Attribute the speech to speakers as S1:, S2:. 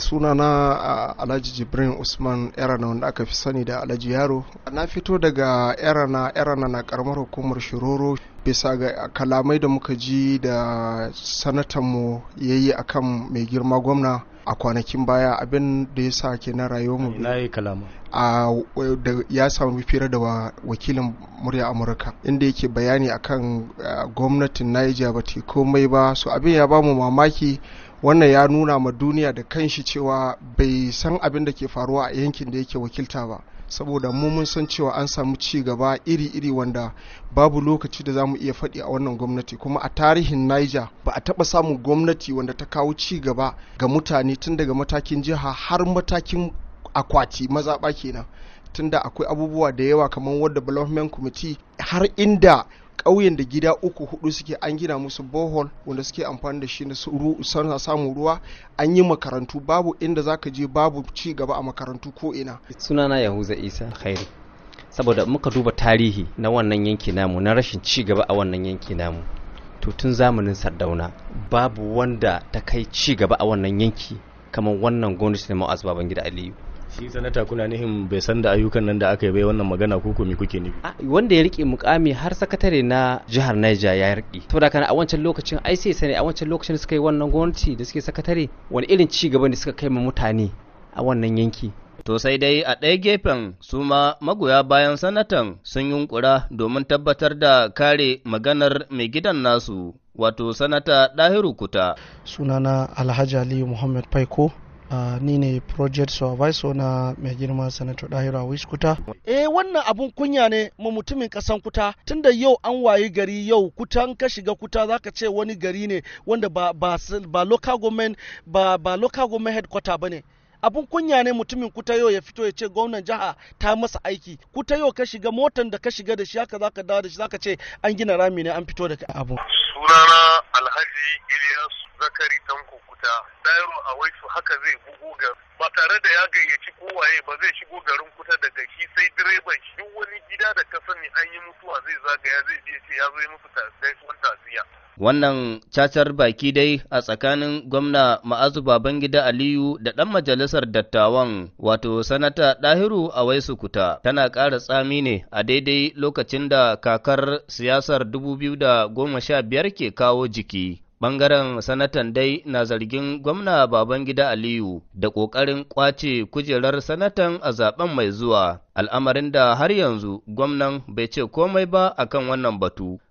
S1: sunana alhaji jibrin usman erana wanda aka fi sani da alhaji yaro na fito daga erana erana na karamar hukumar shiroro bisa ga kalamai da muka ji da sanatanmu ya yi akan mai girma gwamna a kwanakin baya abin da ya sa ke na rayuwarmu ya samu fira da wakilin murya amurka inda yake bayani akan gwamnatin niger ba komai ba su abin ya bamu mamaki wannan ya nuna ma duniya da kanshi cewa bai san abin da ke faruwa a yankin da yake wakilta ba saboda mu mun san cewa an samu ci gaba iri-iri wanda babu lokaci da za mu iya faɗi a wannan gwamnati kuma a tarihin niger ba a taɓa samun gwamnati wanda ta kawo ci gaba ga mutane tun daga matakin jiha har matakin akwati mazaɓa kenan tunda akwai abubuwa da yawa kamar wadda development committee har inda ƙauyen da gida uku hudu suke an gina musu bohol wanda suke amfani da shi na samun ruwa an yi makarantu babu inda za ka je babu ci gaba a makarantu ko ina
S2: sunana yahuza isa khairu saboda muka duba tarihi na wannan yanki namu na rashin ci gaba a wannan yanki namu to tun zamanin sardauna babu wanda ta kai ci gaba a wannan yanki kamar wannan gwamnati na ma'az gida aliyu shi sanata kuna nihin bai san da ayyukan nan da aka yi bai wannan magana
S3: ko me kuke nufi
S2: wanda ya rike mukami har sakatare na jihar Niger ya rike da kana a wancan lokacin ai sai sai a wancan lokacin suka yi wannan gwamnati da suke sakatare wani irin ci gaba ne suka kai ma mutane a wannan yanki
S3: To sai dai a ɗaya gefen su ma magoya bayan sanatan sun yunkura domin tabbatar da kare maganar mai gidan nasu, wato sanata ɗahiru kuta.
S4: Sunana Alhaji Aliyu Muhammad Faiko Uh, ni ne project supervisor na mai girma sanato dahira wiskuta eh wannan abun kunya ne ma mutumin kasan kuta tunda yau an wayi gari yau kutan ka shiga kuta zaka ce wani gari ne wanda ba ba ba local government ba ba local government headquarter bane abun kunya ne mutumin kuta yau ya fito ya ce gwamnan jiha ta masa aiki kuta yau ka shiga motan da ka shiga da shi haka zaka dawo da shi zaka ce an gina rami ne an fito da abu
S3: sunana alhaji ilyas zakari tanko kuta dairo a waisu haka zai
S1: bugu ga ba tare da ya gayyaci kowaye ba zai shigo garin kuta daga shi sai direban shi duk wani gida da ka sani an yi mutuwa zai zagaya zai je ce ya zo yi musu gaisuwan taziya
S3: Wannan cacar baki dai a tsakanin gwamna ma'azu Babangida Aliyu da ɗan majalisar dattawan wato sanata ɗahiru a kuta) tana ƙara tsami ne a daidai lokacin da kakar siyasar 2015 ke kawo jiki. Ɓangaren sanatan dai na zargin gwamna Babangida Aliyu da ƙoƙarin ƙwace kujerar sanatan a zaben mai zuwa, al'amarin da har yanzu gwamnan bai ce komai ba akan wannan batu.